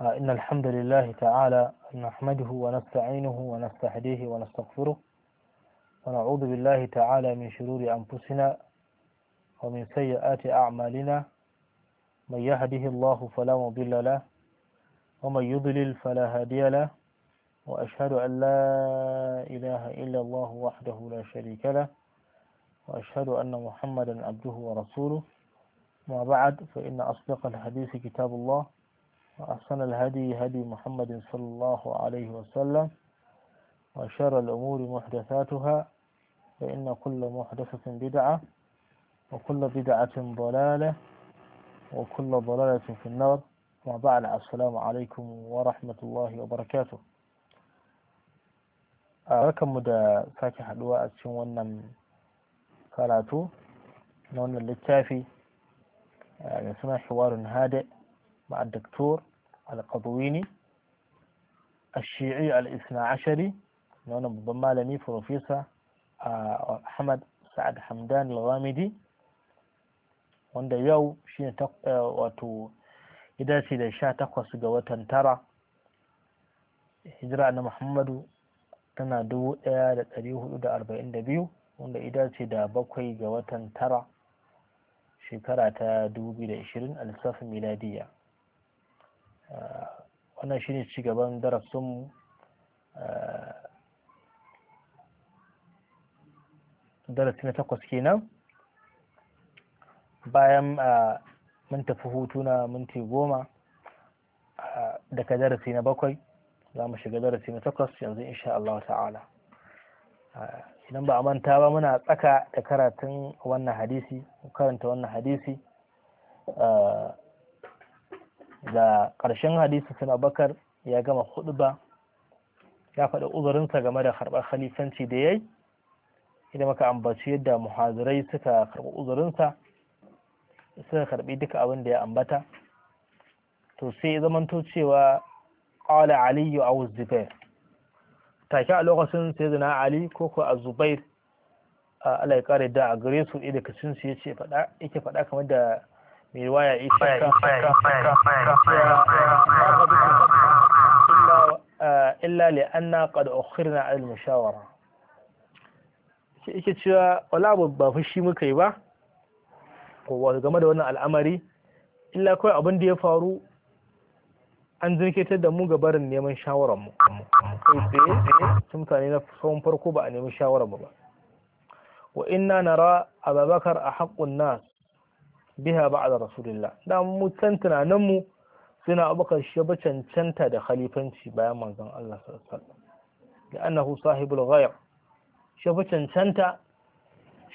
آه، إن الحمد لله تعالى نحمده ونستعينه ونستهديه ونستغفره ونعوذ بالله تعالى من شرور أنفسنا ومن سيئات أعمالنا من يهده الله فلا مضل له ومن يضلل فلا هادي له وأشهد أن لا إله إلا الله وحده لا شريك له وأشهد أن محمدا عبده ورسوله ما بعد فإن أصدق الحديث كتاب الله وأحسن الهدي هدي محمد صلى الله عليه وسلم وشر الأمور محدثاتها فإن كل محدثة بدعة وكل بدعة ضلالة وكل ضلالة في النار وبعد السلام عليكم ورحمة الله وبركاته أراكم دا فاتح دواء a cikin wannan karatu na سمع حوار هادئ مع الدكتور al-qadwini الشيعي الاثنى عشري نونا بضم لني بروفيسا أحمد سعد حمدان الغامدي wanda yau shi ne uh, wato ya da sha takwas ga watan tara hijira na muhammadu tana dubu ɗaya da ɗari hudu da arba'in da biyu wanda ya dace da bakwai ga watan tara shekara ta dubu biyu da ashirin a lissafin miladiyya wannan shine cigaban darasinmu darasi na takwas kenan bayan mun tafi hutu na minti goma daga darasi na bakwai za mu shiga darasi na takwas yanzu insha Allah ta'ala idan ba a manta ba muna tsaka da karatun wannan hadisi karanta wannan hadisi da ƙarshen hadisi sun abakar ya gama ba ya faɗi uzurinsa game da karɓar khalifanci da ya yi idan maka ambaci yadda muhazirai suka karɓi uzurinsa suka karɓi duka abin da ya ambata to sai zamanto cewa ƙawala aliyu a zubair take a lokacin sai zina ali ko ko a zubair a ya da a gare su ɗaya ya ce faɗa kamar da mai waya ya shakka illa li anna qad ukhirna al mushawara shi yake cewa wala ba fushi muka yi ba ko game da wannan al'amari illa kawai abin da ya faru an zirkitar da mu ga barin neman shawarar mu kai tsaye sun mutane na tsawon farko ba a nemi shawarar mu ba wa inna nara ababakar a haƙƙun nas biha ba'da rasulillah da mu can tunanin mu suna abubakar shi ba cancanta da khalifanci bayan manzon Allah sallallahu alaihi wasallam da annahu sahibul ghayr shi ba cancanta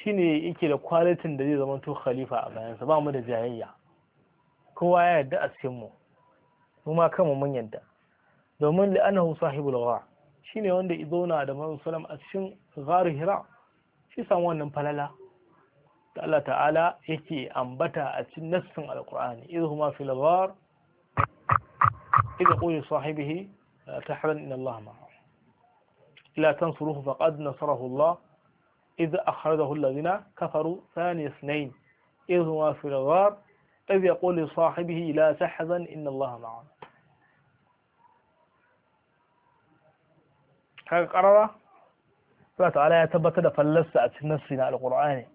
shine yake da kwalitin da zai zama to khalifa a bayan sa ba mu da jayayya kowa ya yarda a cikin mu mu ma kanmu mun yarda domin li annahu sahibul ghayr shine wanda izo na da manzon sallam a cikin ghar hira shi samu wannan falala da Allah ta'ala yake ambata a cikin nassin alqur'ani idhuma fil ghar idh qulu sahibihi tahran inna Allah ma'a لا تنصروه فقد نصره الله إذ أخرجه الذين كفروا ثاني اثنين إذ هما في الغار إذ يقول لصاحبه لا تحزن إن الله معنا haka ƙarara za ta ala ya tabbatar da fallarsa a cikin nassi na alƙur'ani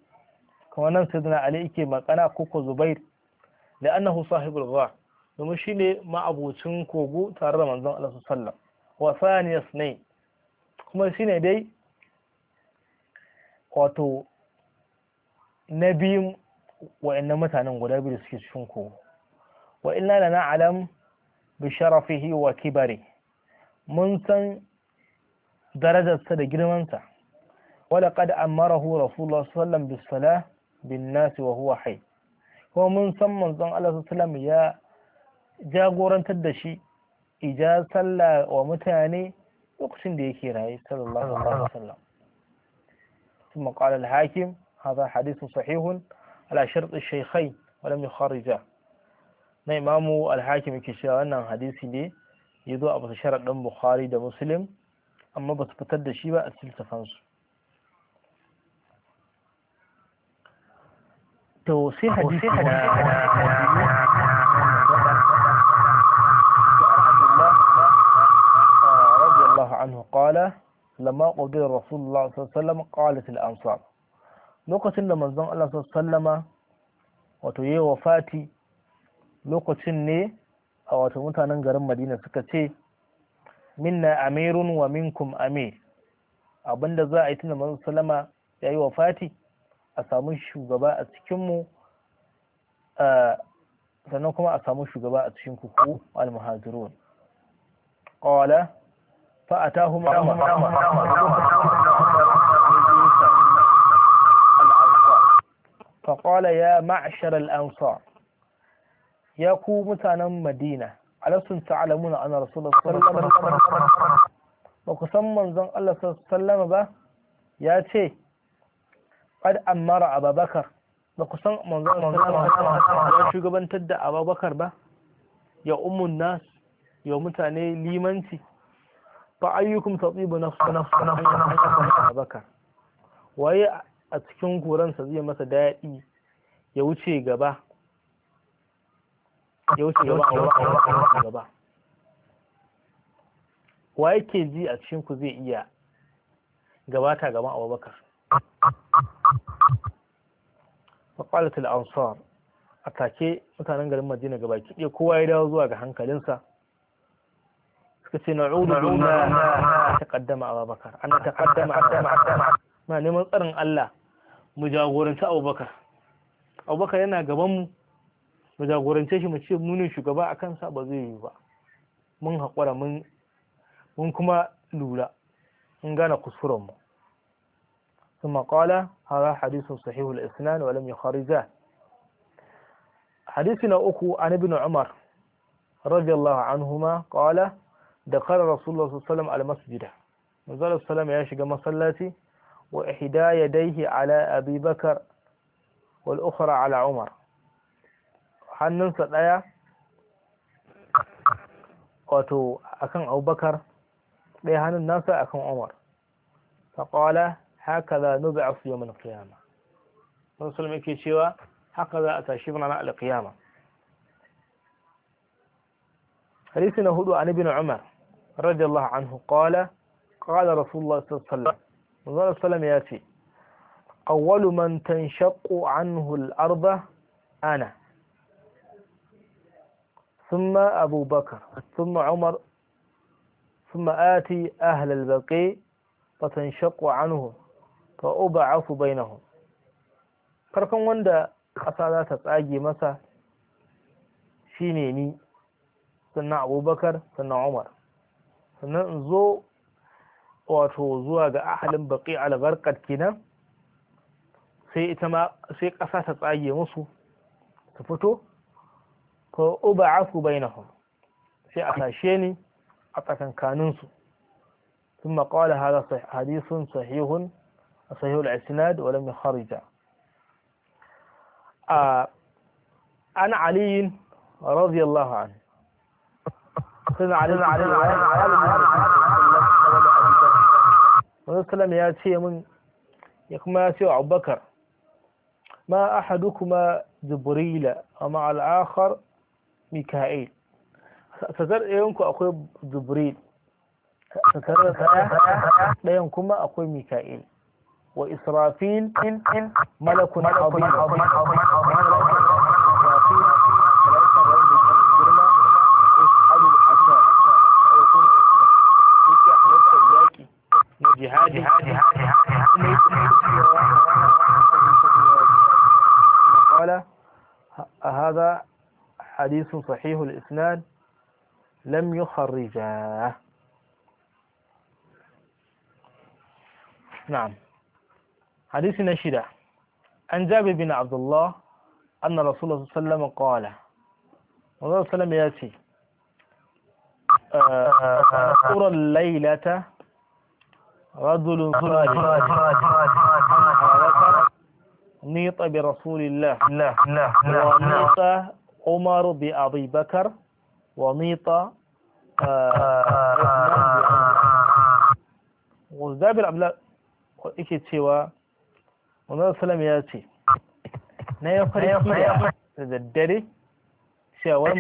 kamar nan sayyidina ali yake makana koko zubair da annahu sahibul ghar domin shi ne ma'abucin kogo tare da manzon Allah sallallahu wa thaniya sunayn kuma shi ne dai wato na biyun wa'annan mutanen guda biyu da suke cikin kogo wa inna la na'lam bi sharafihi wa kibari mun san darajarsa da girmansa ولقد أمره رسول الله صلى الله عليه وسلم بالصلاة bin nasi wa kuma mun san manzon Allah sallallahu ya jagorantar da shi ija sallah wa mutane lokacin da yake raye sallallahu alaihi wasallam ثم قال الحاكم هذا حديث صحيح على شرط الشيخين ولم يخرجه na imamu alhakim yake cewa wannan hadisi ne ya zo a bisa sharaɗin bukhari da muslim amma ba su fitar da shi ba a littafansu to sai hadisi anhu qala lamma qadira rasulullah sallallahu alaihi wasallam qalat al ansar lokacin da manzon Allah sallama wato yayi wafati lokacin ne a wato mutanen garin Madina suka ce minna amirun wa minkum amir abinda za a yi tunda manzon sallama yayi wafati a samu shugaba a cikinmu sannan kuma a samu shugaba a cikin kuku almuhajirun qala fa atahu ma'ama ya ma'shar al ya ku mutanen madina alasun ta'alamuna ana rasulullah sallallahu ba ku san manzon Allah sallallahu ba ya ce qad amara abubakar ba ku san manzo ya shugabantar da abubakar ba ya ummun ya mutane limanci نفس نفس tatibu nafsu nafsu nafsu abubakar waye a cikin zai masa daɗi ya wuce gaba ya wuce gaba wa yake ji a cikin ku zai iya gabata gaban abubakar faƙalat al-ansar a take mutanen garin madina ga baki ɗaya kowa ya dawo zuwa ga hankalinsa suka ce na'udu na ta kaddama abubakar an ta kaddama abubakar na neman tsarin Allah mu jagoranci abubakar abubakar yana gaban mu mu jagorance shi mu ce munin shugaba a kansa ba zai yi ba mun haƙura mun kuma lura mun gane kuskuren mu ثم قال هذا حديث صحيح الإسنان ولم يخرجه حديثنا أكو عن ابن عمر رضي الله عنهما قال دخل رسول الله صلى الله عليه وسلم على مسجده نزل السلام يا شيخ مصلاتي وإحدى يديه على أبي بكر والأخرى على عمر hannunsa ɗaya wato akan abubakar ɗaya hannun nasa akan umar faƙala هكذا نبعث يوم القيامة رسول مكي شوى هكذا أتشفنا القيامة حديثنا هدو عن ابن عمر رضي الله عنه قال قال رسول الله صلى الله عليه وسلم صلى الله عليه ياتي أول من تنشق عنه الأرض أنا ثم أبو بكر ثم عمر ثم آتي أهل البقي وتنشق عنه fa bai bainahum farkon wanda ƙasa za ta tsage masa shine ni sannan abubakar sannan umar sannan in zo wato zuwa ga ahalin baƙi albarkar kenan sai ita ma sai ƙasa ta tsage musu ta fito fa bai bainahum sai a tashe ni a tsakankaninsu ثم قال هذا حديث صحيح صحيح الاسناد ولم يخرج انا آه، علي رضي الله عنه سيدنا علي علي علي وسلم ياتي من يكما ياتي ابو بكر ما احدكما جبريل ومع الاخر ميكائيل فذر ايونكو اكو جبريل فكرت انا ديونكما اكو ميكائيل وإسرافيل ملك عظيم قال هذا حديث صحيح الإسناد لم يخرجاه نعم حديث شدة عن جابر بن عبد الله أن رسول الله صلى الله عليه وسلم قال الرسول صلى الله عليه وسلم يأتي أذكر آه، الليلة رجل نيط برسول الله ونيط عمر بأبي بكر ونيط آه، وزابر عبد الله yake wanzu salam ya ce na ya farki da daddare shawar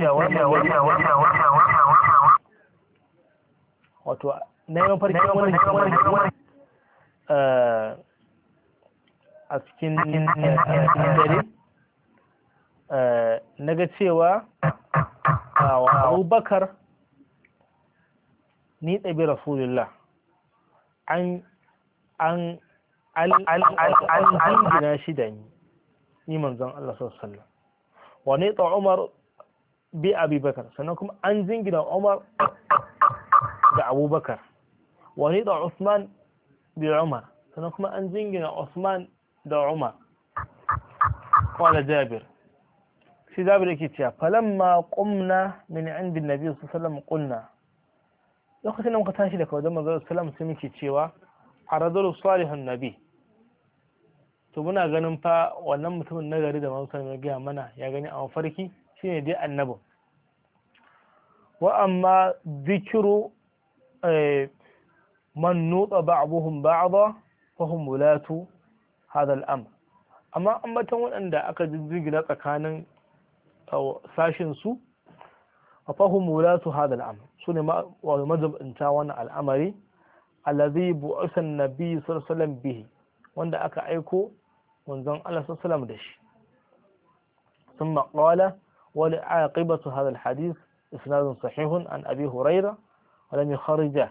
wato na ya eh, a cikin eh, dare eh, na ga cewa ah, abubakar ni ɗabi rasulullah an an jingina shi da ni ni manzon Allah sallallahu alaihi wa Umar bi Abi Bakar sannan kuma an jingina Umar da Abubakar wa ni da Usman bi Umar sannan kuma an jingina Usman da Umar qala Jabir shi Jabir yake cewa falamma qumna min indin nabiy sallallahu alaihi wasallam qulna lokacin da muka tashi daga wajen manzon sallallahu alaihi wasallam sai muke cewa a salihun nabi to muna ganin fa wannan mutumin na gari da mamsar ya gaya mana ya gani a mafarki shine dai annabin wa amma zikiru eh, man nutsa ba'abuhum ba'adha fa hum wulatu hadha al amma ambatan waɗanda aka jijjigila tsakanin eh, sashin su fa hum wulatu hadha al sune ma wa wannan al'amari alladhi bu an-nabi sallallahu bihi wanda aka aiko manzon Allah sallallahu alaihi wasallam da shi thumma qala wa li'aqibatu hadha al-hadith isnad sahih an abi hurairah wa lam yukharija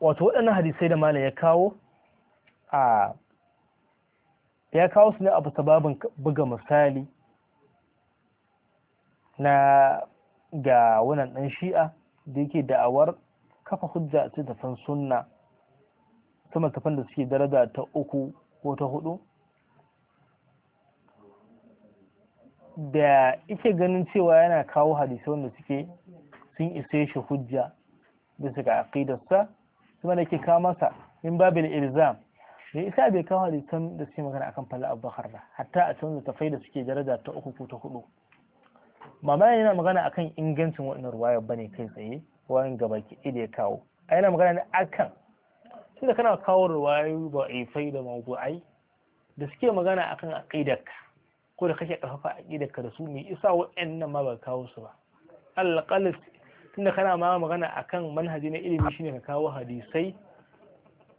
wato waɗannan hadisai da malam ya kawo ya kawo su ne abu sababin buga misali na ga wannan ɗan shi'a da yake da'awar kafa hujja ta san sunna ta matafan da suke daraja ta uku ko ta hudu da ike ganin cewa yana kawo hadisai wanda suke sun ise shi hujja bisa ga aqidarsa kuma da ke kawo masa in babil ilzam da isa bai kawo hadisan da suke magana akan abubakar da hatta a can da tafai da suke daraja ta uku ko ta hudu ba ma yana magana akan ingancin wannan ruwayar bane kai tsaye wayan gaba ki da ya kawo a yana magana ne akan tunda kana kawo ruwayoyi ba fai da mawdu'ai da suke magana akan ka ko da kake karfafa ka da su mai isa waɗannan ma ba kawo su ba alqalis tunda kana ma magana akan manhaji na ilimi shine ka kawo hadisai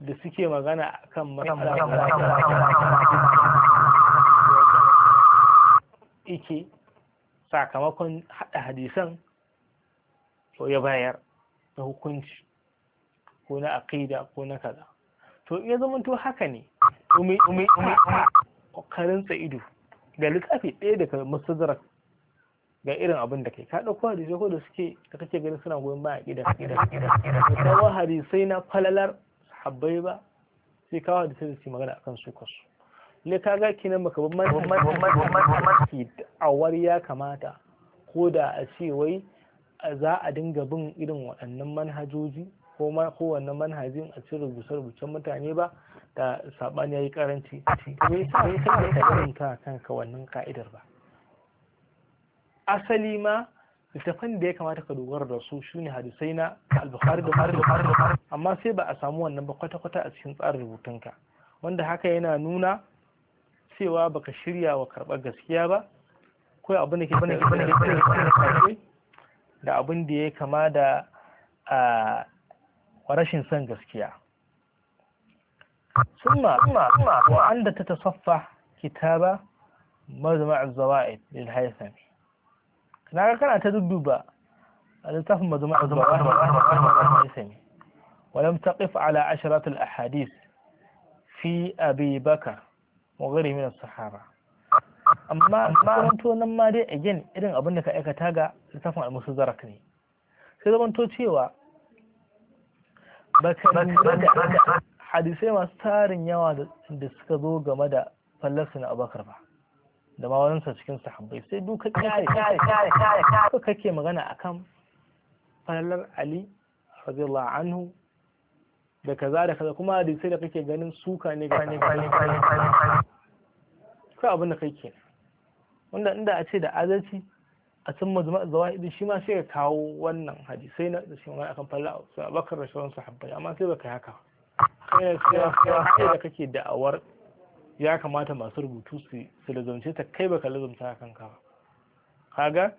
da suke magana akan matsala ike sakamakon haɗa hadisan to ya bayar na hukunci ko na aqida ko na kaza to ya zama to haka ne umi umi umi ƙoƙarin ido da littafi ɗaya daga masadarar ga irin abin da kai ka ɗauko hadisai ko da suke da kake ganin suna goyon ba a baya aqida aqida aqida hadisai na falalar sahabbai ba sai kawo hadisai da suke magana akan su kansu le kaga kinan baka A wari ya kamata ko da a ce wai za a dinga bin irin waɗannan manhajoji ko kowanne manhajin a ci rubuce-rubucen mutane ba da saɓani ya yi karanci me yasa me yasa ka karanta kanka wannan ka'idar ba asali ma littafan da ya kamata ka dogara da su shine hadisai na al-bukhari da bukhari amma sai ba a samu wannan ba kwata-kwata a cikin tsarin rubutunka wanda haka yana nuna cewa baka shirya wa karɓar gaskiya ba ko abin da ke bane ke bane ke da abin da ya kama da a rashin son gaskiya summa summa wa anda ta tasaffa kitaba majma' az-zawa'id lil haythami kana kana ta dudduba al-tafsir majma' az-zawa'id ولم تقف على عشرة الأحاديث في أبي بكر mu gari min sahara amma karanto nan ma dai again irin abin da ka aikata ga littafin almusu zarak ne sai zamanto cewa baka hadisai masu tarin yawa da suka zo game da fallarsu na abakar ba da ma sa cikin sahabbai sai duka kare kake magana akan fallar ali radiyallahu anhu da kaza da kaza kuma hadisai da kake ganin suka ne ga ne kai abin da kai ke. wanda inda a ce da adalci a cin mazuma zawaidi shi ma sai ka kawo wannan hadisai na da shi ma akan falla su abakar da shawaran sahabbai amma sai baka haka kai sai da kake da'awar ya kamata masu rubutu su su lazumce ta kai baka lazumta hakan ka kaga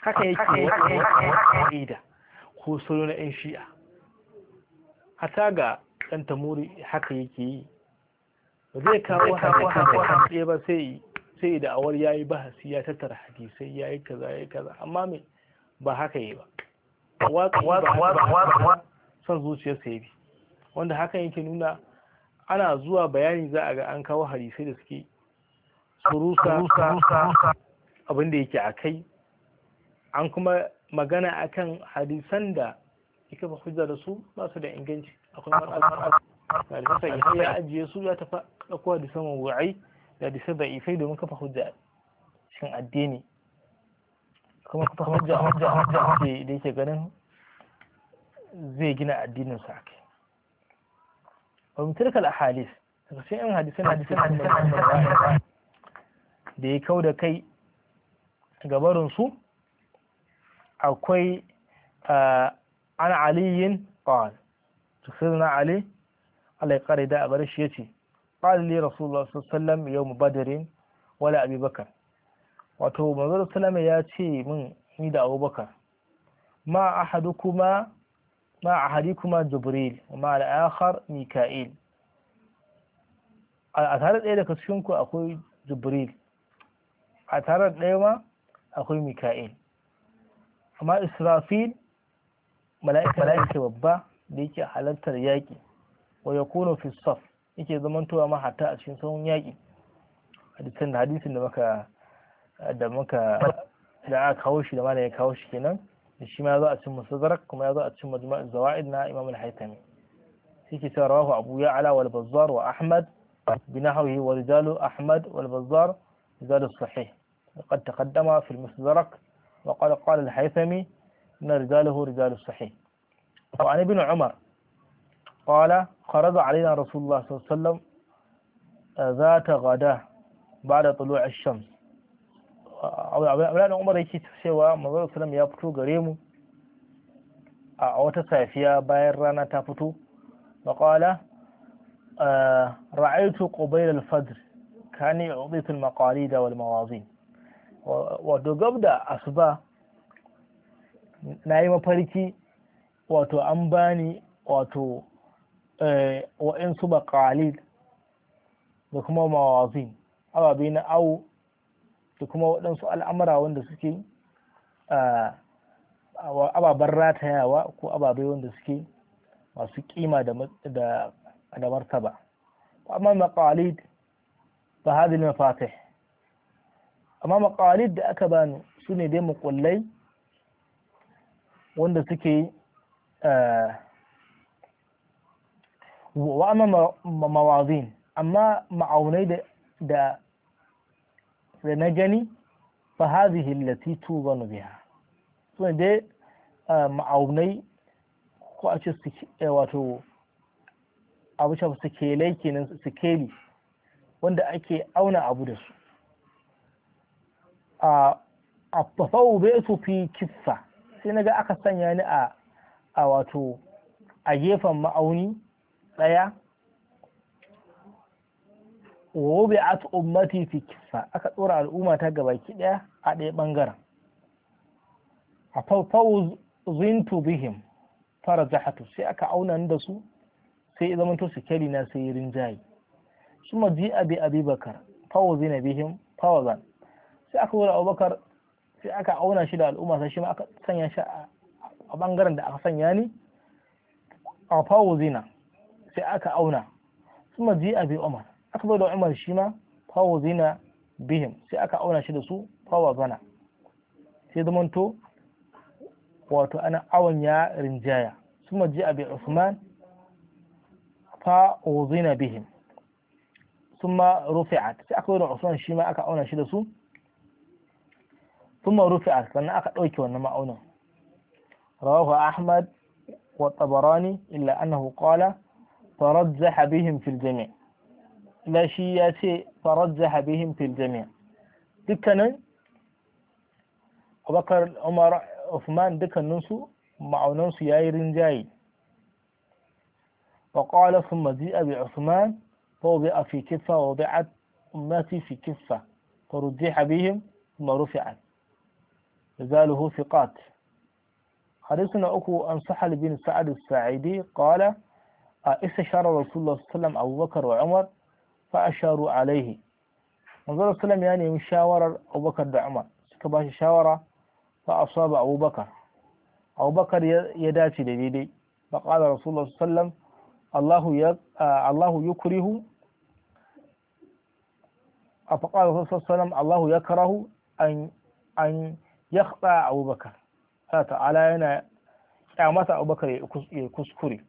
haka yake wata ida ko salo na yan shi'a hata ga ɗan tamuri haka yake yi ba zai kawo haka haka ba sai sai da awar yayi bahasi ya tattara hadisai yayi kaza yayi kaza amma me ba haka yi ba son zuciyar sa bi wanda hakan yake nuna ana zuwa bayani za a ga an kawo hadisai da suke surusa abin da yake a kai an kuma magana akan hadisan da ya ba hujja da su ba su da inganci akwai mar'al da ya ya ajiye su ya tafa ɗauko da sama wa'ai da da saba ifai domin kafa hujja shin addini kuma kafa hujja hujja hujja ce da yake ganin zai gina addinin sa kai wa mutarkal ahadith daga cikin yan hadisan hadisan hadisan da ya kau da kai gabarin su akwai ah, an aliyin qal to sirna ali Allah ya kare da a gare shi yace qala li rasulullah sallallahu alaihi wasallam yawm badr wala abubakar wato manzo sallama ya ce min ni da abubakar ma ahadukuma ma ahadikuma jibril ma al-akhar mika'il a tare ɗaya daga cikin ku akwai jibril a tare ɗaya ma akwai mika'il amma israfil mala'ika ce babba da yake halartar yaƙi wa yakunu fi saf yake zamantowa ma hatta a cikin sahun yaƙi hadisin da hadisin da muka da muka da aka kawo shi da malam ya kawo shi kenan da shi ma ya zo a cikin musadarak kuma ya zo a cikin majma'u zawaid na imam al-haytami yake cewa rawahu abu ya'la wal bazzar wa ahmad بنحوه ورجال أحمد والبزار رجال الصحيح وقد تقدم في المستدرك وقال قال الحيثمي من رجاله رجال الصحيح وعن ابن عمر قال خرج علينا رسول الله صلى الله عليه وسلم آه، ذات غدا بعد طلوع الشمس أولا عمر يكي تفسيوا مضى الله سلم يبتو غريمو آه، أوتا سيفيا باير رانا تفتو وقال آه، رأيت قبيل الفجر كاني عضيت المقاليد والموازين ودقبدا أصباه na yi mafarki wato an bani wato eh, wa'insu baƙalil da kuma mawazin ababe na awo da kuma waɗansu al'amura wanda suke ah, ababen ratayawa ko ababe wanda suke masu kima da martaba amma makalid ba hadin mafatih amma makalid da aka bani su ne dai makullai wanda suke eh, wa amma mawazin amma ma'aunai da da na gani fa hadhihi allati tuzanu biha so dai eh, ma'aunai ko a ce eh, wato abu shafi sikelai kenan sikeli wanda ake auna abu da su a tafau bai su fi kiffa sai na ga aka sanya ni a a wato a gefen ma'auni ɗaya wobe at ummati fi kisa aka ɗora al'umma ta gabaki ɗaya a ɗaya ɓangaren a "Fa zintu bihim fara zahatu sai aka auna ni da su sai zamanto su kyari na sai rinjaye Suma ji abi abi bakar zina bihim fawazan sai aka wura abubakar sai aka auna shi da al'umma sai shi ma aka sanya shi a bangaren da aka sanya ni a fawo zina sai aka auna kuma ji a bi umar aka bai da umar shi ma fawo zina bihim sai aka auna shi da su fawa zana sai zamanto wato ana awon ya rinjaya kuma ji a bi usman fawo zina bihim sai aka bai da Usman shi ma aka auna shi da su. ثم رفع فانا اخذ وانما اونا رواه احمد والطبراني الا انه قال فرزح بهم في الجميع لا شيء فرزح بهم في الجميع دكنا وبكر عمر عثمان دكن نسو معونا سياير جاي وقال ثم جيء بعثمان فوضع في كفة ووضعت أمتي في كفة فرجح بهم ثم رفعت رجاله ثقات حديثنا أكو عن سحل بن سعد السعيدي قال استشار رسول الله صلى الله عليه وسلم أبو بكر وعمر فأشاروا عليه manzara salam ya nemi shawarar abubakar da umar suka ba shi shawara fa asaba abubakar abubakar ya dace da daidai fa qala rasulullah sallam allahu ya allahu يخطى أبو بكر هذا على هنا أمس أبو بكر يكسكري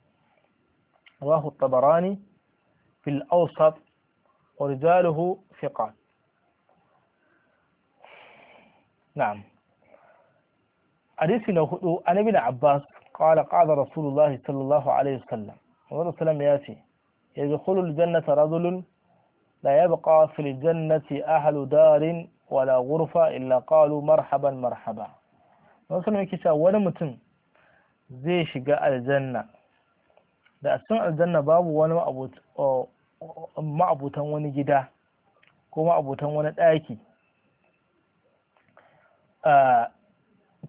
رواه الطبراني في الأوسط ورجاله ثقات نعم أليسنا هدو أنا بن عباس قال قال رسول الله صلى الله عليه وسلم رسول الله صلى الله عليه وسلم يدخل الجنة رجل لا يبقى في الجنة أهل دار wala gurfa illa qalu marhaban marhaba wasu ne yake cewa wani mutum zai shiga aljanna da a cikin aljanna babu wani ma'abutan wani gida ko ma'abutan wani ɗaki a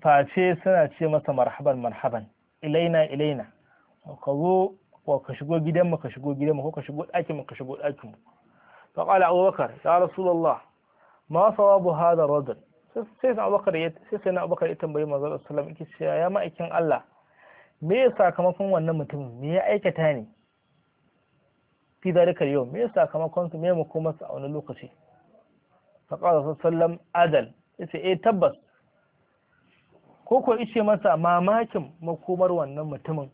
face suna ce masa marhaban marhaban ilaina ilaina ka zo wa ka shigo gidanmu ka shigo gidanmu ko ka shigo ɗakinmu ka shigo ɗakinmu فقال أبو بكر يا رسول الله ma bu hada rajul sai sai Abubakar ya sai sai Abubakar ya tambayi manzon sallallahu alaihi wasallam ya ma'aikin Allah me ya sakamakon wannan mutumin me ya aikata ne fi zalika yau me ya sakamakon su me kuma su a wani lokaci fa qala sallam adal yace eh tabbas ko ko ice masa mamakin makomar wannan mutumin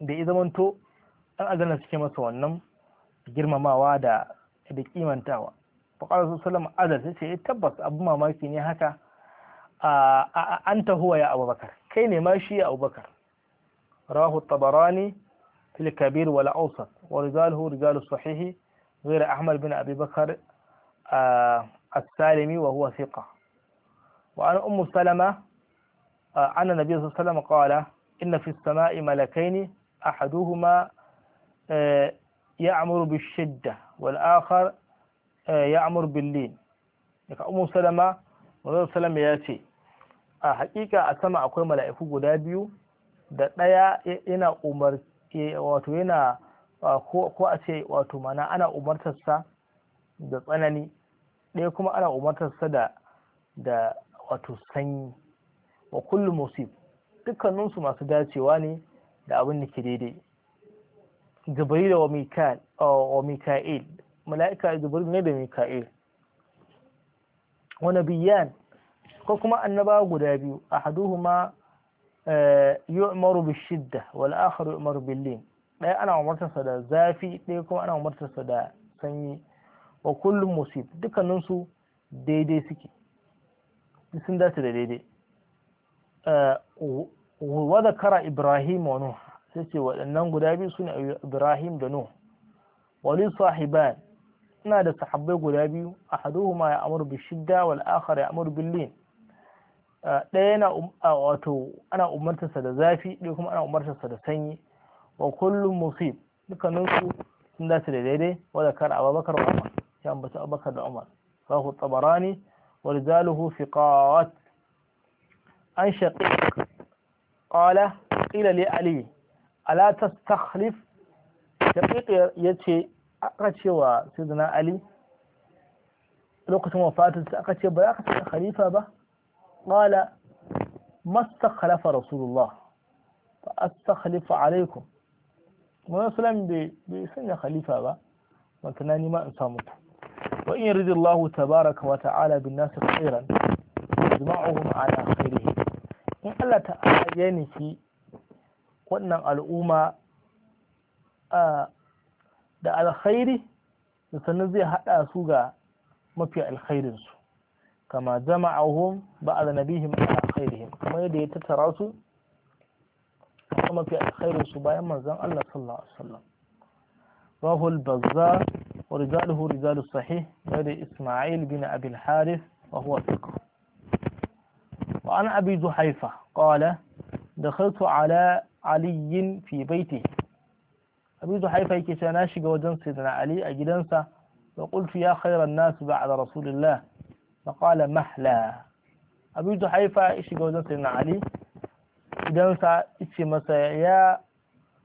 da ya zamanto an azana suke masa wannan girmamawa da da kimantawa فقال صلى الله عليه وسلم أذى تبس أبو ما ماشي نهاك آه، آه، آه، أنت هو يا أبو بكر كيني ماشي يا أبو بكر راه الطبراني في الكبير ولا أوسط ورجاله رجال الصحيح غير أحمد بن أبي بكر السالمي وهو ثقة وعن أم سلمة عن النبي صلى الله عليه وسلم قال إن في السماء ملكين أحدهما يعمر بالشدة والآخر Eh, ya amur billin daga umar salama mazan salama ya ce a hakika a sama akwai mala'iku guda biyu da ɗaya yana umar wato yana ko a ce wato mana ana umartarsa da tsanani ɗaya kuma ana umartarsa da da wato sanyi wa kullum musib dukkaninsu masu dacewa ne da abin da ke daidai jibril wa mika'il mala'ika jibril ne da mika'il wa biyan ko kuma annaba guda biyu ahaduhuma eh, yu'maru bishidda wal akhar yu'maru bil lin ɗaya ana umartarsa da zafi ɗaya kuma ana umartarsa da sanyi wa kullum musib dukkaninsu daidai suke sun dace da daidai eh, wa zakara ibrahim wa nuh sai ce waɗannan guda biyu suna ibrahim da nuh wa li sahiban ina da sahabbai guda biyu ahaduhuma ya amur bi shidda wal akhar ya amur bil lin ɗaya yana wato ana umartarsa da zafi ɗaya kuma ana umartarsa da sanyi wa kullum musib dukkaninsu sun dace da daidai wa zakar abubakar wa umar ya ambaci abubakar da umar rahu tabarani wa rijaluhu fiqat an shaqiq qala qila li ali ala tastakhlif shaqiq yace aka cewa sayyidina ali lokacin wafatinsa aka ce ba za ka taɓa khalifa ba qala mastakhlafa rasulullah fa astakhlifa alaikum mun sallam bai sanya khalifa ba mantana ni ma in samu ku wa in yardi Allah tabaraka wa ta'ala bin nas khairan yajma'uhum ala khairihi in Allah ta'ala ya nufi wannan al'umma a ah, da alkhairi sannan zai hada su ga mafi alkhairin su kama jama'ahum ba'da nabihim ala khairihim kuma yadda ya tattara su kuma fi alkhairin su bayan manzon Allah sallallahu alaihi wasallam rahu al-bazzar wa rijaluhu rijalus sahih da Isma'il bin Abi al-Harith wa huwa thiqah وعن أبي جحيفة قال دخلت على علي في بيته أبي أريد حيفي كتناشق وجنسي سيدنا علي أجلنسا وقلت يا خير الناس بعد رسول الله فقال مهلا أريد حيفي إشق وجنسي سيدنا علي أجلنسا إشي يا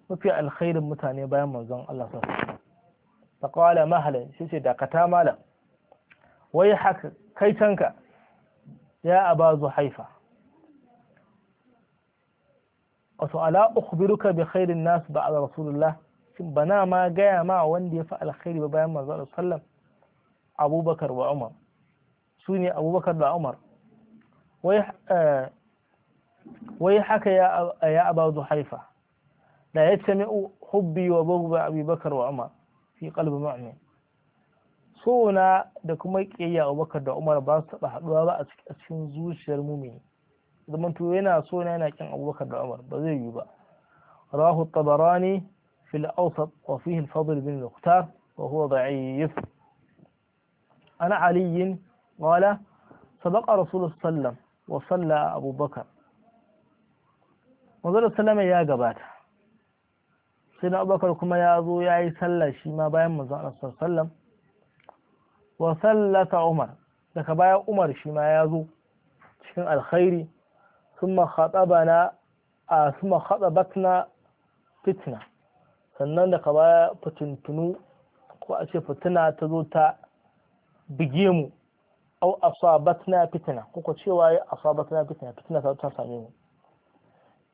وفي الخير متاني بيان موزن الله سبحانه فقال مهلا شيشي دا قتامالا ويحك كي تنك يا أبا زحيفة وسؤال أخبرك بخير الناس بعد رسول الله bana ma gaya ma wanda ya fi alkhairi ba bayan manzo sallam abubakar wa umar su ne abubakar da umar wai eh, haka ya abadu haifa da ya tami'u hubbi wa bughda abubakar wa umar fi qalbi mu'min sona da kuma kiyayya abubakar da umar ba su taba haduwa ba a cikin zuciyar mumini zaman to yana sona yana kin abubakar da umar ba zai yi ba rahu tabarani في الأوسط وفيه الفضل بن المختار وهو ضعيف أنا علي قال سبق رسول الله صلى الله عليه وسلم وصلى أبو بكر وظل السلام يا قبات سيدنا أبو بكر كما يأذو يا سلى شما بايا مزعنا صلى الله عليه وسلم وثلث عمر لك بايا عمر شما يأذو شن الخير ثم خطبنا ثم خطبتنا فتنه sannan ka baya fitintunu ko a ce fitina ta zo ta bige mu au asabatna fitina ko cewa ya asabatna fitina fitina ta same mu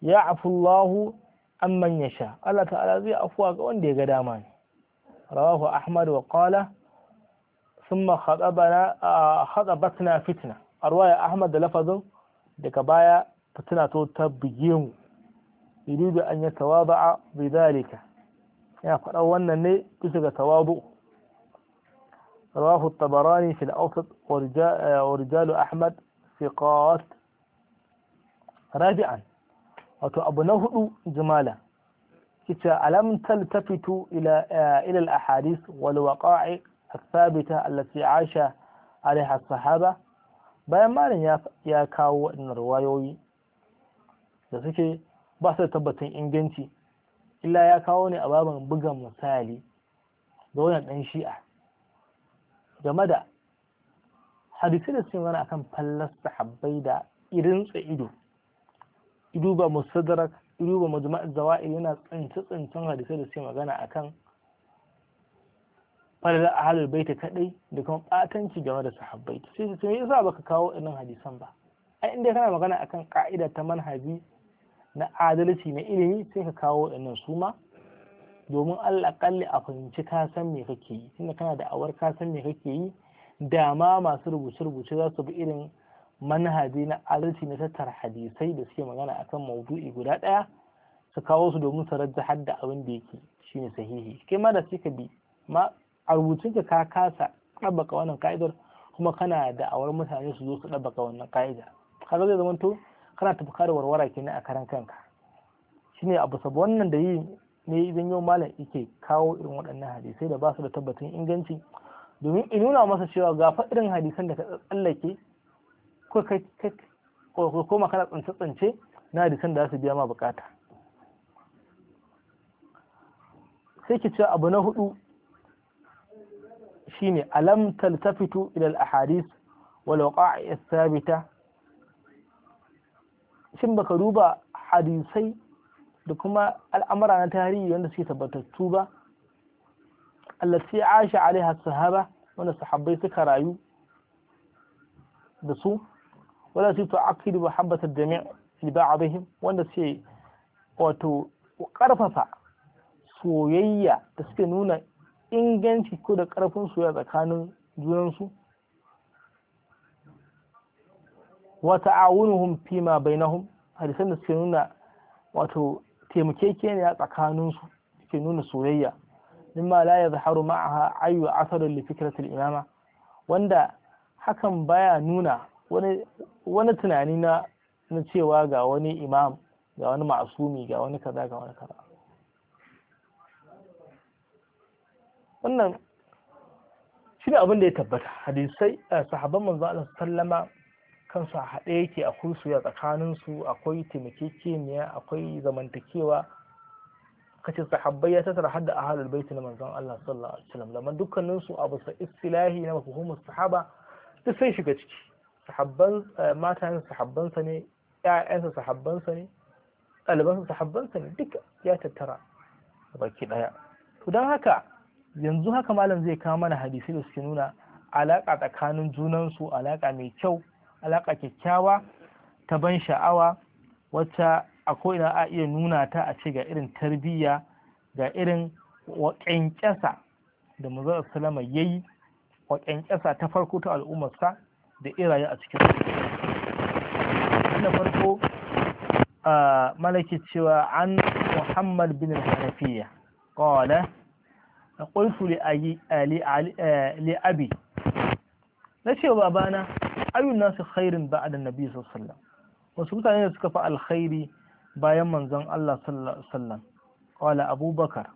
ya afullahu amman yasha Allah ta'ala zai afuwa ga wanda ya ga dama ne rawahu ahmad wa qala thumma khadabana ah, khadabatna fitna arwaya ahmad da lafazin daga baya fitina to ta bige mu yuridu an yatawaba'a bi ya faɗa wannan ne bisa ga tawadu رواه الطبراني في الأوسط ورجال أحمد wato abu na hudu jimala kita alam taltafitu ila eh, ila al-ahadith wal waqa'i thabita allati asha sahaba bayan malam ya ya kawo waɗannan riwayoyi da suke ba su tabbatin inganci illa ya kawo ne a babin bugan misali da wannan ɗan shi'a game da hadisi da a kan fallas sahabbai da irin ido ido ba musadarak ido ba majma'ar zawa'i yana tsince tsincen hadisi da suke magana a akan falala ahalul baita kaɗai da kuma batanci game da sahabbai sai su yasa baka kawo irin hadisan ba ai inda kana magana akan ka'ida ta manhaji na adalci na ilimi sai ka kawo waɗannan suma domin alaƙalli a fahimci ka san me kake yi tunda kana da awar ka san me kake yi dama masu rubuce-rubuce za su bi irin manhaji na adalci na tattar hadisai da suke magana akan maudu'i guda ɗaya su kawo su domin su rajja hadda abin da yake shine sahihi kai ma da suka bi ma a rubutun ka kasa ɗabbaka wannan ka'idar kuma kana da awar mutane su zo su ɗabbaka wannan ka'idar kaga zai zama to kana tafi da warwara kenan a karan kanka shine abu sabo wannan da yi ne idan yau malam yake kawo irin waɗannan hadisai da ba su da tabbatin inganci domin in nuna masa cewa ga fa irin hadisan da ka tsallake ko kai koma kana tsance tsance na hadisan da za su biya ma bukata sai ki ce abu na hudu shine alam taltafitu ila al ahadith wal waqa'i thabita shin baka duba hadisai da kuma al'amura na tarihi wanda suke tabbatattu ba allati aisha alaiha sahaba wanda sahabbai suka rayu da su wala su tu'akkidu mahabbat al-jami' li ba'dihim wanda sai wato karfafa soyayya da suke nuna inganci ko da karfin soyayya tsakanin junansu wa ta'awunuhum fima bainahum hadisan da suke nuna wato taimakekeniya tsakanin su suke nuna soyayya mimma la yadhharu ma'aha ayyu asar li fikratil imama wanda hakan baya nuna wani wani tunani na na cewa ga wani imam ga wani ma'asumi ga wani kaza ga wani kaza wannan shi ne abin da ya tabbata hadisai eh, sahabban manzo Allah sallama kansu a haɗe yake akwai su ya tsakaninsu akwai taimakekeniya akwai zamantakewa kace sahabbai ya tattara hadda a halul baiti na manzon Allah sallallahu alaihi wasallam lamar dukkanin su abu sa istilahi na mafhumus sahaba duk sai shiga ciki sahabban eh, matayen sahabban sa ne ƴaƴansa sahabban sa ne ɗaliban sa sahabban sa ne duka ya tattara baki daya to dan haka yanzu haka malam zai kawo mana hadisi da suke nuna alaka tsakanin junansu alaka mai kyau alaƙa kyakkyawa ta ban sha'awa wacce a ko'ina a iya nuna ta a ce ga irin tarbiyya ga irin waƙyanƙyasa da manzon salama ya yi waƙyanƙyasa ta farko ta al'ummarsa da iraye a cikin na farko malaki cewa an muhammad bin hanafiya qala qultu li abi na ce babana ayun nasu khairin ba'da a sallallahu alaihi wasallam wasu mutane da suka fi alkhairi bayan manzon Allah sallallahu alaihi wasallam qala abubakar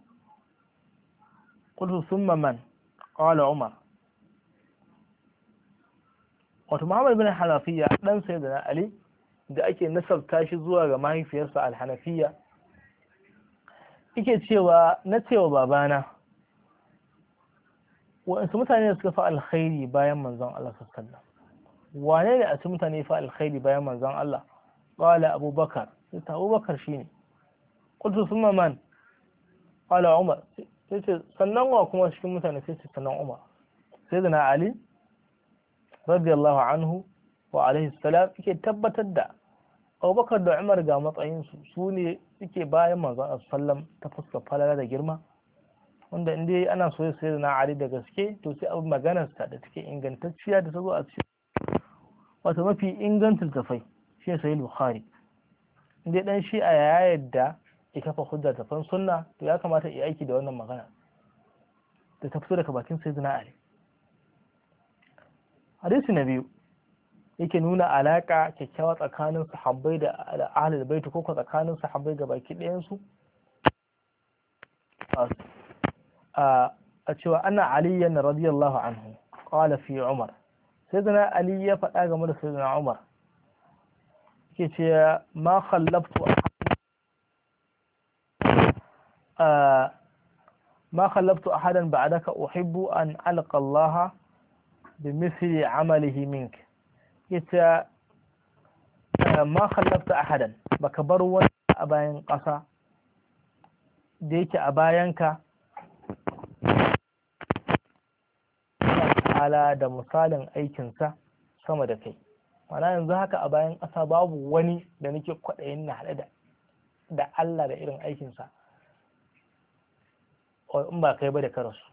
qultu thumma man qala umar wato Muhammad ibn Hanafiya dan da Ali da ake nasabta shi zuwa ga mahaifiyarsa al-Hanafiya yake cewa na cewa babana waɗansu mutane da suka fi alkhairi bayan manzon Allah sallallahu alaihi wasallam wane ne a ci mutane fa alkhairi bayan manzon Allah qala abubakar sai ta abubakar shine qultu summa man qala umar sai ce sannan wa kuma cikin mutane sai ce sannan umar sai da na ali radiyallahu anhu wa alaihi salam yake tabbatar da abubakar da umar ga matsayin su ne suke bayan manzon sallam ta fuska falala da girma wanda in dai ana so sai da na ali da gaske to sai abu maganarsa da take ingantacciya da ta zo a cikin wato mafi ingantin tafai shi ya sayi bukhari inda dan shi a ya yadda ya kafa hujja tafan sunna to ya kamata ya aiki da wannan magana da ta fito daga bakin sayyidina ali hadisi na biyu yake nuna alaka kyakkyawa tsakanin sahabbai da ahlul bait ko tsakanin sahabbai ga baki ɗayan su a cewa ana aliyan radiyallahu anhu qala fi umar sayyidina ali ya faɗa game da sayyidina umar ke ce ma khallaftu ما خلفت أحدا بعدك أحب أن ألقى الله بمثل عمله منك يتا ما خلفت أحدا بكبر ولا أباين قصا ديك أباينك ta'ala da misalin aikinsa sama da kai mana yanzu haka a bayan ƙasa babu wani da nake kwaɗayin na haɗe da da Allah da irin aikinsa in ba kai ba da karasu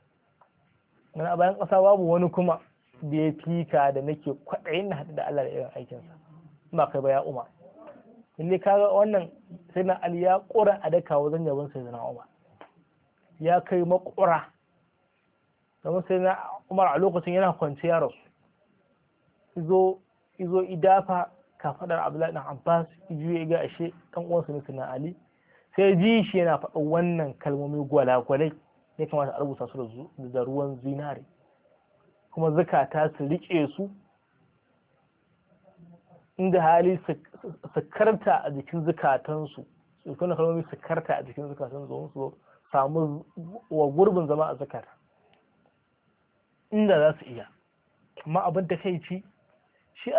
mana a bayan ƙasa babu wani kuma da ya ka da nake kwaɗayin na haɗe da Allah da irin aikinsa in ba kai ba ya umar lalle kaga wannan sai na Ali ya ƙura a daka wajen yabon sai na umar ya kai makura domin sai na umar a lokacin yana kwanciya rasu izo izo idafa kafadar abdullahi dan abbas ya ga ashe kan uwansa ne na ali sai ji shi yana faɗa wannan kalmomi gwalagwalai ya kamata a rubuta su da ruwan zinare kuma zakata su riƙe su inda hali su karta a jikin zukatansu su kalmomi su karta a jikin zukatansu su samu wa gurbin zama a zakata inda za su iya amma abin da kai ci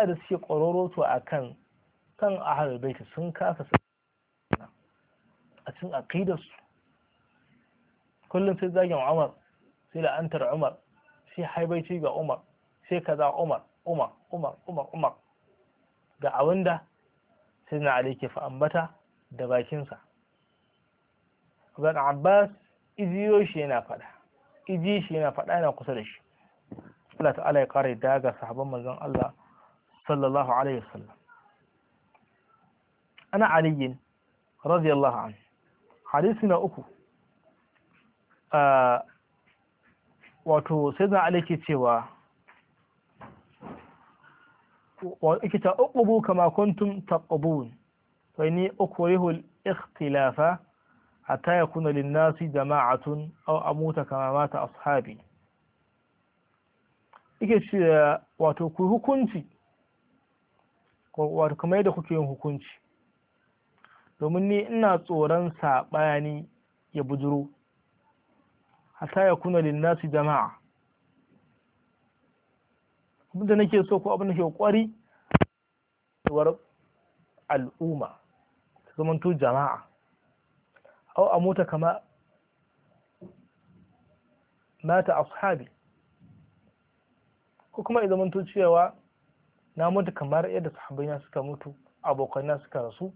a da suke ƙwaroroto a kan kan ahalar sun kasa a cin aƙidarsu kullum sai zagin umar sai la'antar umar sai haibaici ga umar sai kaza umar umar umar umar umar ga abin da sai na ali ke fa'ambata da bakinsa ga Abbas iziyo shi yana faɗa, iji shi yana faɗa yana kusa da shi Allah ta'ala ya kare da ga sahabban manzon Allah sallallahu alaihi wasallam ana aliyin radiyallahu anhu hadisi na uku wato sai zan ali ke cewa ake ta uqubu kama kuntum taqbun fa inni ukrihu al-ikhtilafa hatta yakuna lin-nasi jama'atun aw amuta kama mata ashabi yake ce wato ku hukunci wato kamar yadda kuke yin hukunci domin ni ina tsoron saɓani ya bujuro hatta ya kuna linnasi jama'a abinda nake so ko abinda ke kwari war al'umma ta tu jama'a au a mota kama mata ashabi ko kuma ya zamanto cewa na mutu kamar yadda sahabbaina suka mutu abokaina suka rasu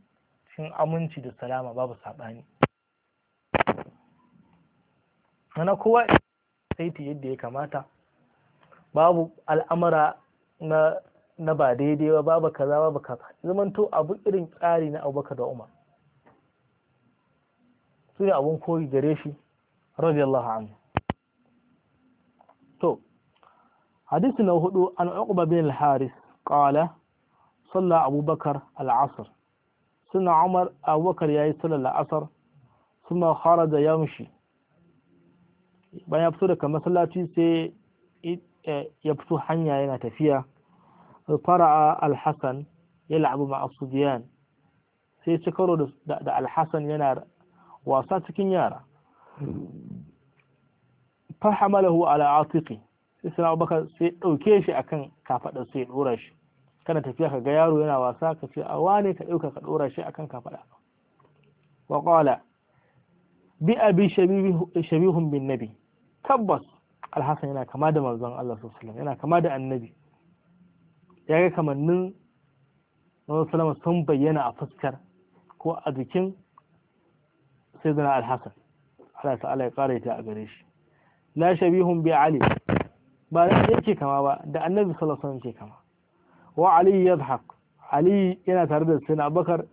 cikin aminci da salama babu saɓani mana kowa saiti yadda ya kamata babu al'amura na na ba daidai ba babu kaza babu kaza zamanto abu irin tsari na abubakar da umar su ne abun koyi gare shi radiyallahu anhu hadisi na hudu an uqba bin al-haris qala salla abubakar al-asr suna umar abubakar yayi sallar al-asr kuma kharaja yamshi bayan ya fito daga masallaci sai eh, ya fito hanya yana tafiya fara'a al-hasan yal'abu ma'a subiyan sai ci da al-hasan yana wasa cikin yara fahamalahu ala atiqi sai suna abubakar sai ɗauke shi akan kafaɗa sai ɗora shi kana tafiya ka ga yaro yana wasa ka ce a wane ka ɗauka ka ɗora shi akan kafaɗa wa qala bi abi shabihun bin nabi tabbas alhassan yana kama da manzon Allah sallallahu alaihi yana kama da annabi ya ga kamannin manzon sallallahu alaihi sun bayyana a fuskar ko a jikin sayyidina alhassan Allah ta'ala ya kare ta a gare shi la shabihun bi ali ba da yake kama ba da annabi sallallahu alaihi kama wa ali yadhhak ali yana tare da sayyidina abubakar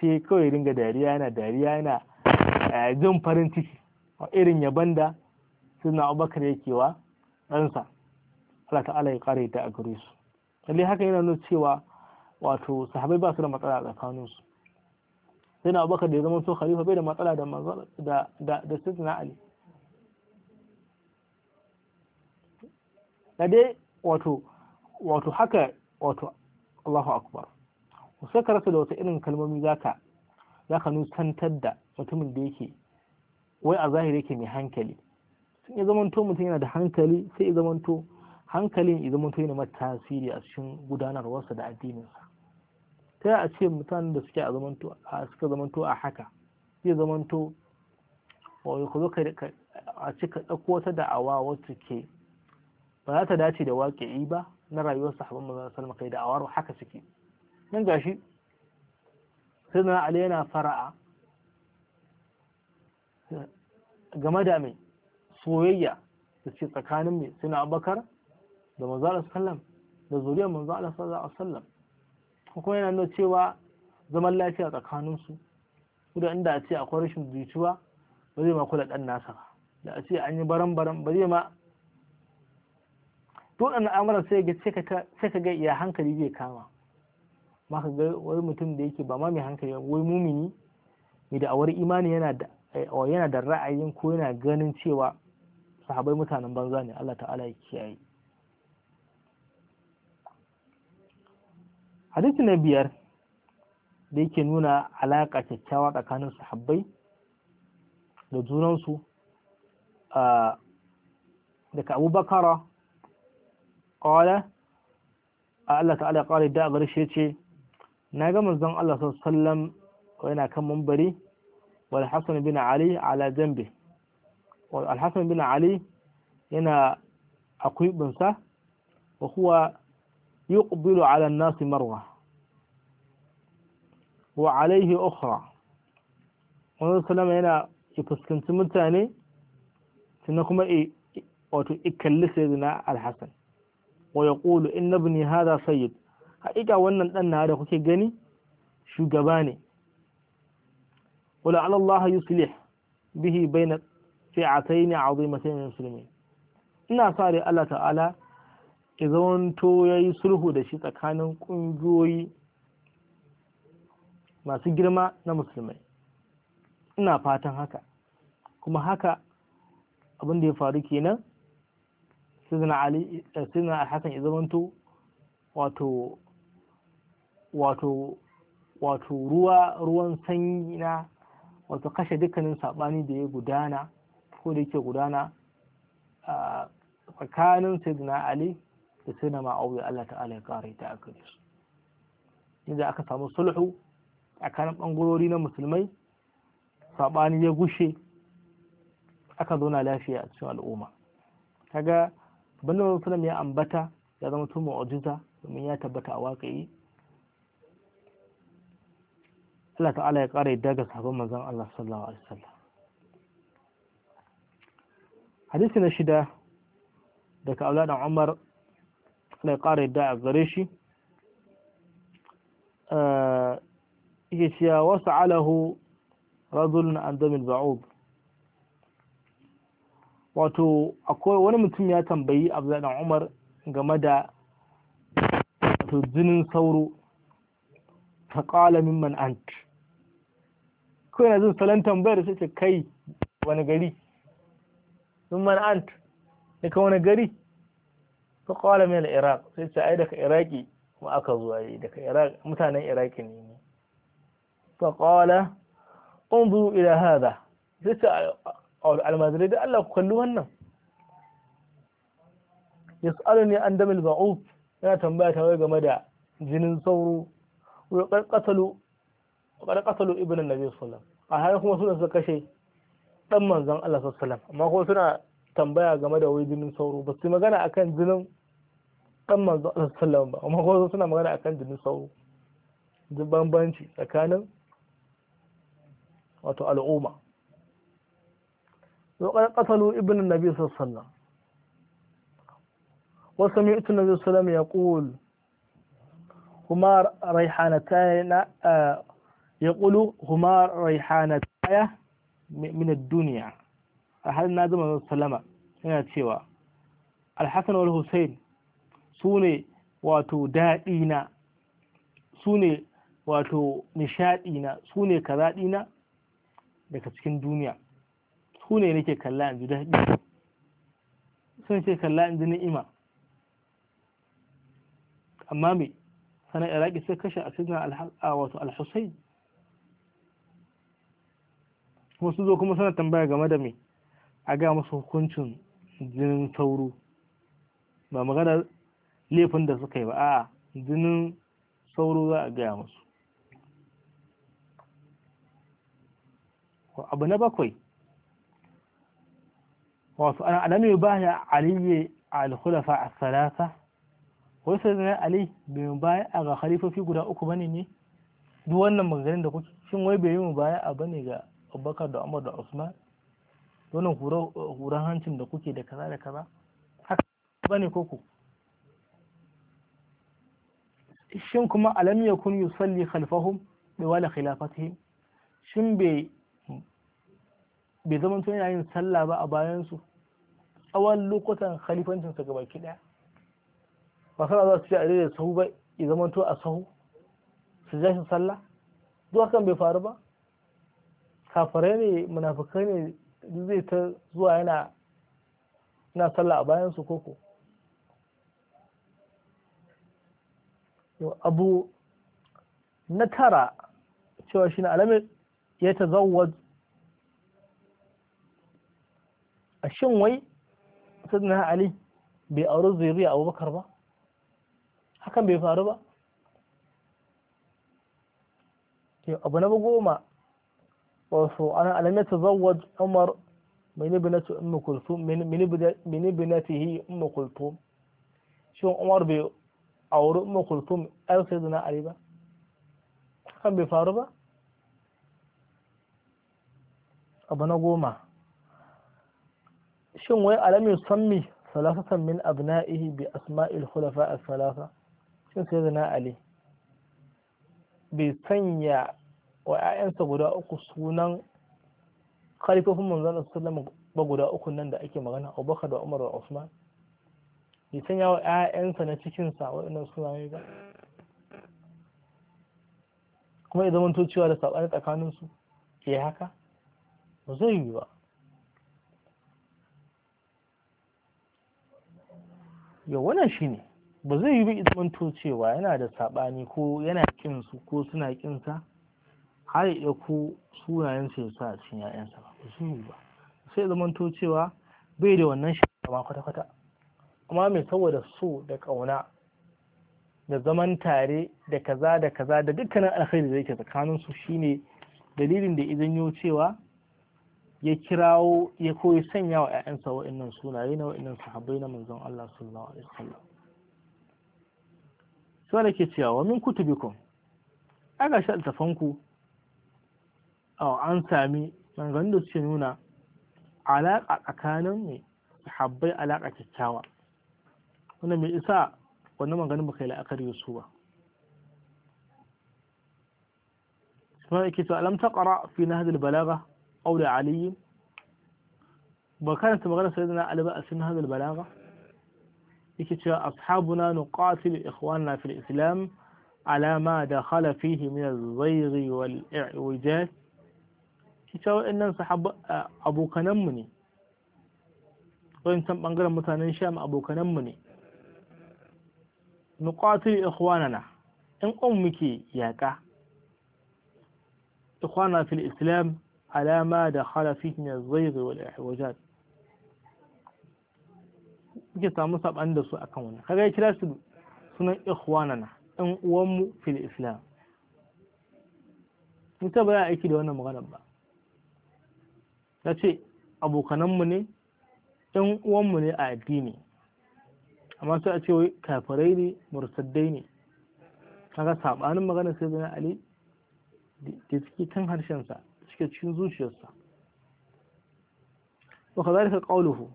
sai kawai ringa dariya yana dariya yana eh, jin farin ciki irin yaban da sayyidina abubakar yake wa ɗansa Allah ta'ala ya kare ta a gare su haka yana nuna cewa wato sahabai ba su da matsala tsakanin su sayyidina abubakar da ya zama so khalifa bai da matsala da da da sayyidina ali na dai wato wato haka wato Allahu akbar sai ka rasa da wata irin kalmomi zaka zaka nusantar da mutumin da yake wai a zahiri yake mai hankali sun ya zamanto mutum yana da hankali sai ya zamanto hankalin ya zamanto yana mata tasiri a cikin gudanarwarsa da addininsa ta a ce mutanen da suke a zamanto a suka zamanto a haka zai zamanto wai zo a ce ka ɗauko wata da'awa wacce ke ba za ta dace da waƙi'i ba na rayuwar sahabban manzo sallallahu alaihi kai da awar haka suke nan gashi sayyidina ali yana fara'a game da mai soyayya da ce tsakanin mai suna abakar da manzo Allah sallam da zuriyar manzo Allah sallallahu alaihi wasallam kuma yana nuna cewa zaman lafiya tsakanin su da inda a ce akwai rashin jituwa ba zai ma kula dan nasa ba da a ce an yi baran baran ba zai ma to ɗan al'amuran sai ga sai ka ga ya hankali zai kama ma ka ga wani mutum da yake ba ma mai hankali ba wai mumini mai da awar imani yana da eh, yana da ra'ayin ko yana ganin cewa sahabai mutanen banza ne Allah ta'ala ya kiyaye hadisi na biyar da yake nuna alaƙa kyakkyawa tsakanin sahabbai da junansu ah, daga abubakara ala Allah ta'ala qala da gari shi yace na ga manzon Allah sallallahu alaihi wasallam yana kan munbari wal Hasan bin Ali ala jambi wal Hasan bin Ali yana akwai binsa wa huwa yuqbilu ala an-nas marwa wa alaihi ukhra wannan sallama yana ya fuskanci mutane sannan kuma wato ikalli sayyidina al-Hasan wa ya in na bini haza sayyid haƙiƙa wannan ɗan na da kuke gani shugaba ne wala Allah ya yuslih bihi bayna fi'atayn 'azimatayn musulmi. ina sa da Allah ta'ala ya zamanto yayi sulhu da shi tsakanin ƙungiyoyi masu girma na musulmai ina fatan haka kuma haka abin da ya faru kenan sidana ali sidana hasan ya zamanto wato wato wato ruwa ruwan sanyi na wato kashe dukkanin sabani da ya gudana ko da yake gudana a tsakanin sidana ali da sidina ma'auya Allah ta'ala ya kare ta aka su inda aka samu sulhu tsakanin bangarori na musulmai sabani ya gushe aka zauna lafiya a cikin al'umma kaga abinda musulun ya ambata ya zama tu mu'ujiza domin ya tabbata a waƙi Allah ta'ala ya ƙara yadda ga sabon manzon Allah sallallahu alaihi wasallam hadisi na shida daga auladan Umar Allah ya ƙara yadda a gare shi eh, yake cewa wasu alahu rajulun an zamin ba'ud wato akwai wani mutum ya tambayi abdullahi umar game da wato jinin sauro ta ƙala mimman ant kawai na jin salon tambayar sai ce kai wani gari mimman ant ya ka wani gari ta ƙala min iraq sai ce ai daga iraki ma aka zuwa yi daga iraq mutanen iraki ne ne ta ƙala unzuru ila hada sai ce A wani almajirai da Allah ku kalli wannan ne an damil ba'uf yana tambaya ta game da jinin sauro wa qatalu wa qatalu ibnu nabi sallallahu a har kuma suna suka kashe ɗan manzon Allah sallallahu amma kuma suna tambaya game da wai jinin sauro ba su magana akan jinin ɗan manzon Allah sallallahu ba amma kuma suna magana akan jinin sauro da bambanci tsakanin wato al'umma وقد قتلوا ابن النبي صلى الله عليه وسلم وسمعت النبي صلى الله عليه وسلم يقول هما ريحانتان آه، يقول هما ريحانتان من الدنيا أحد النادم صلى الله عليه وسلم هنا تشيوا الحسن والحسين سوني واتو دائنا سوني واتو nishaɗi سوني su ne kazaɗi su ne nake kalla in ji daɗi sun ce kalla in ji ni'ima amma me sana iraki sai kashe a cikin wato al-husayn su zo kuma suna tambaya game da me a ga musu hukuncin jinin sauro ba magana laifin da suka yi ba a jinin sauro za a gaya musu abu na bakwai wato alam yi ba ya aliyu alkhulafa a salasa wai sai ne ali bai baya a ga khalifofi guda uku bane ne duk wannan maganganun da kuke shin wai bai yi mu baya a bane ga abubakar da umar da usman wannan huran hancin da kuke da kaza da kaza haka bane koko shin kuma alam yakun yusalli khalfahum bi wala khilafatihim shin bai bai zama tun yana sallah ba a bayan su tsawon lokutan khalifancin sa gaba ki daya ba sai za su ce a da sahu ba ya zama to a sahu su ja sallah zuwa kan bai faru ba kafare ne munafikai ne zai ta zuwa yana na sallah a bayan su koko abu na tara cewa shi na alamin ya tazawwad الشن وي سيدنا علي بأرز يضيع أبو بكر با حكم بفارو با أبو نبو قوما وصو أنا لم يتزوج عمر من ابنة أم كلثوم من من ابنته أم كلثوم شو عمر بي أور أم كلثوم أل سيدنا علي با حكم بفارو با أبو نبو shin wai alamin yusammi salasatan min abna'ihi bi asma'il khulafa as-salasa shin sai zana ali bai sanya wa ƴaƴansa guda uku sunan khalifofin manzon sallallahu ba guda uku nan da ake magana Abubakar da Umar da Usman bai sanya wa ƴaƴansa na cikin sa waɗannan sunaye ba kuma ya zamanto cewa da tsakanin su ke eh haka ba zai yi ba yau wannan shine ba zai yi bi zamanto cewa yana da saɓani ko yana kin ko suna kin sa har ya ko sunayen sa yasa a cikin ƴaƴansa ba ba zai yi ba sai zamanto cewa bai da wannan kama kwata kwata amma mai saboda so da ƙauna da zaman tare da kaza da kaza da dukkanin alkhairi da yake tsakanin su shine dalilin da idan yo cewa ya kirawo ya koyi sanya wa 'ya'yansa wa'annan sunaye na wa'annan sahabbai na manzon Allah sallallahu alaihi wasallam sai da ke cewa wa min kutubikum aga shi altafanku an sami maganganun da suke nuna alaƙa tsakanin ne sahabbai alaƙa kyakkyawa wanda mai isa wani maganin baka yi la'akari da su ba kuma ke cewa alam taqra fi na al balaga. أو لعلي وكانت مغنى سيدنا علي بأس سن هذا البلاغة يكتشى أصحابنا نقاتل إخواننا في الإسلام على ما دخل فيه من الزيغ والإعوجات يكتشى إن صحاب أبو كنمني وإنسان بانقرم متانين شام أبو كنمني نقاتل إخواننا إن أمك ياكا إخواننا في الإسلام على ما دخل فيه من الزيغ والإعوجات samu saban da su akan wannan kaga ya kira su sunan ikhwanana uwanmu fil islam ba ya aiki da wannan magana ba ta ce abokananmu ne ɗan uwanmu ne a addini amma sai a ce wai kafirai ne murtaddai ne kaga sabanin maganar sai zana ali da suke kan harshensa suke cikin zuciyarsa wa ka zarika ƙauluhu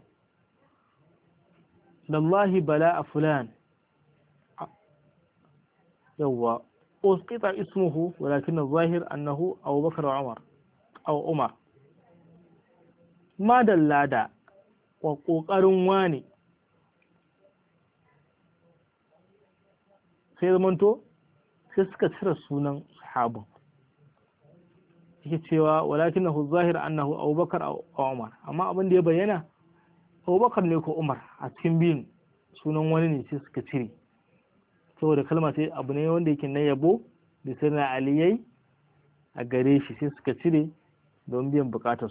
lallahi bala a fulan yawwa ƙosƙita ismuhu walakin na zahir annahu abu bakar umar abu umar wa ƙoƙarin wani sai zamanto sai suka cire sunan sahabin yake cewa walakin nahu zahir annahu abubakar a umar amma abin da ya bayyana abubakar ne ko umar a cikin biyun sunan wani ne sai suka cire saboda kalma sai abu ne wanda yake na yabo da sai na aliyai a gare shi sai suka cire don biyan bukatar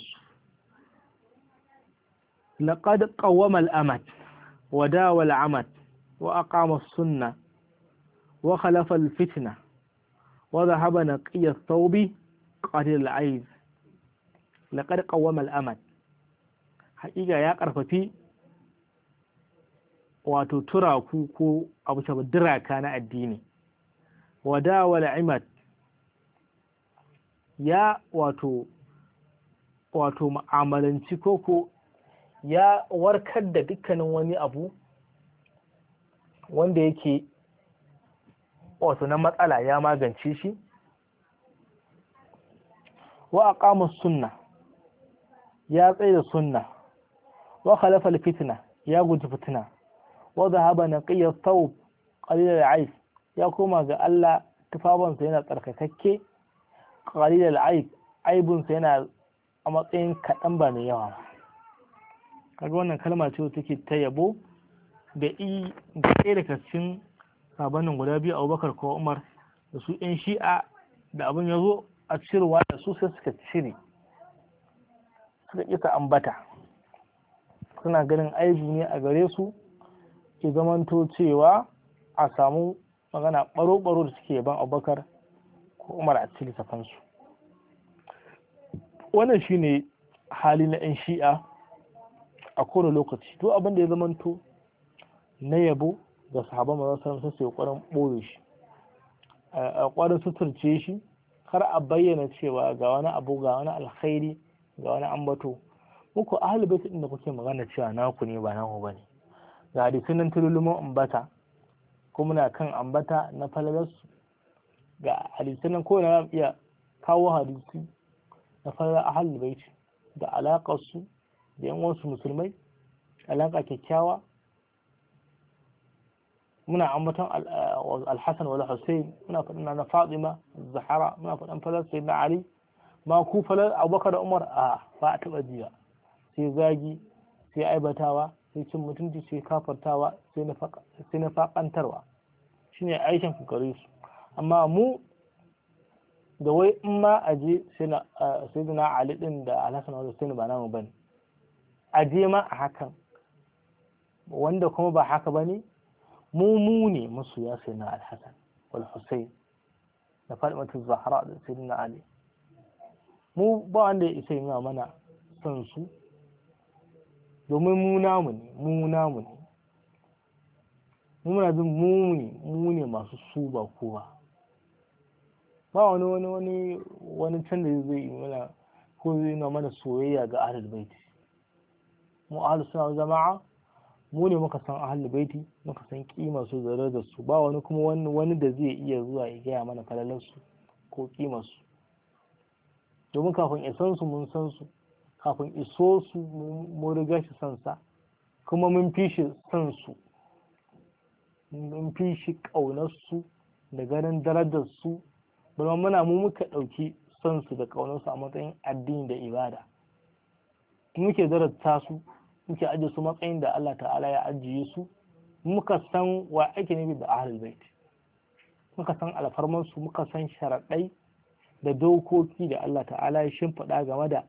laqad qawwama al-amad wa dawa al-amad wa aqama as suna wa khalafa al-fitna wa dhahaba naqiya ath-thawbi qadil aiz laqad qawwama al amal haƙiƙa ya ƙarfafi wato turaku ko abu ta diraka na addini wada wal imat ya wato wato mu'amalanci koko ya warkar da dukkanin wani abu wanda yake wato na matsala ya magance shi wa aqama sunna ya tsaya da sunna wa khalafa ya guji fitna wa dhahaba naqiya thawb qalil al ayb ya koma ga Allah sa yana tsarkakakke qalil al-aib aibunsa yana a matsayin kadan ba mai yawa kaga wannan kalma ce take ta yabo ga i da ɗaya daga cikin sabanin guda biyu abubakar ko umar da su yan shi'a da abin ya zo a cirwa da su sai suka cire suka ƙi ambata suna ganin aibu ne a gare su ke zamanto cewa a samu magana ɓaro-ɓaro da suke ban abubakar ko umar a cikin littafansu wannan shine hali na 'yan shi'a a kowane lokaci to abin da ya zamanto na yabo ga sahaban mazan sarrafa sai ƙwarin ɓoye shi a ƙwarin suturce shi kar a bayyana cewa ga wani abu ga wani alkhairi ga wani ambato muku ahlul bait inda kuke magana cewa naku ne ba naku bane ga hadisin nan tululumin ambata kuma na kan ambata na falalas ga hadisin nan kowane za iya kawo hadisi na falalar ahlul bait da su da yan wasu musulmai alaƙa kyakkyawa muna ambaton alhassan wal hussein muna faɗin na fatima zahara muna faɗin falar sai na ali ma ku falar abubakar da umar a ba a taɓa jiya sai zagi sai aibatawa sai cin mutunci sai kafartawa sai na faƙantarwa shine aikin gare su amma mu da wai in ma a je sai da na ali ɗin da alhassan wal hussein ba namu bane a je ma a hakan wanda kuma ba haka bane mu mu ne sai na alhassan wal husayn da fatimatu zahra da sai na ali mu ba wanda ya isa yana mana son su domin mu namu ne mu namu ne mu muna bin mu ne mu ne masu su ba kowa ba wani wani wani wani can da zai yi mana ko zai yi mana soyayya ga ahlul bait mu ahlus sunna jama'a mu ne muka san ahal baiti muka san kima su da su ba wani kuma wani da zai iya zuwa ya gaya mana kalalar su ko kima su domin kafin isan su mun san su kafin iso su mun riga shi san sa kuma mun fi shi san su mun fi shi kaunar su da ganin darajar su bari muna mu muka dauki san su da kaunar su a matsayin addini da ibada muke darata su muke ajiye su matsayin da Allah ta'ala ya ajiye su muka san wa ake nufi da ahlul bait muka san alfarman su muka san sharaɗai da dokoki da Allah ta'ala ya shimfiɗa game da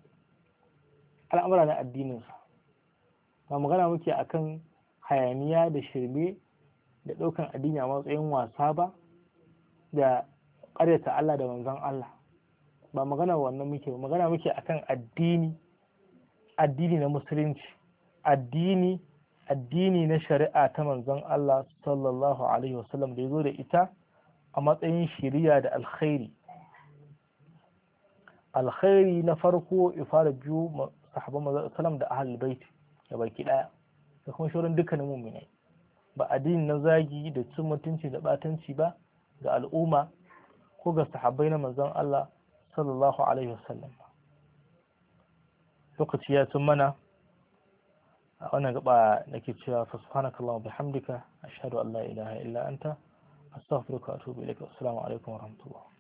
al'amura na addinin sa ba magana muke akan hayaniya da shirme da ɗaukan addini a matsayin wasa ba da ƙaryata Allah da manzon Allah ba magana wannan muke magana muke akan addini addini na musulunci addini addini na shari'a ta manzon Allah sallallahu alaihi wasallam da ya zo da ita a matsayin shiriya da alkhairi alkhairi na farko ya biyu biyo sahabban manzon sallam da ahlul bait da baki daya da kuma shorin dukkanin mu'minai ba addini na zagi da cin mutunci da batanci ba ga al'umma ko ga sahabbai na manzon Allah sallallahu alaihi wasallam lokaci ya tun mana a wannan gaba nake cewa fa subhanakallahu bihamdika ashhadu an la ilaha illa anta astaghfiruka wa atubu ilaik assalamu alaikum wa rahmatullah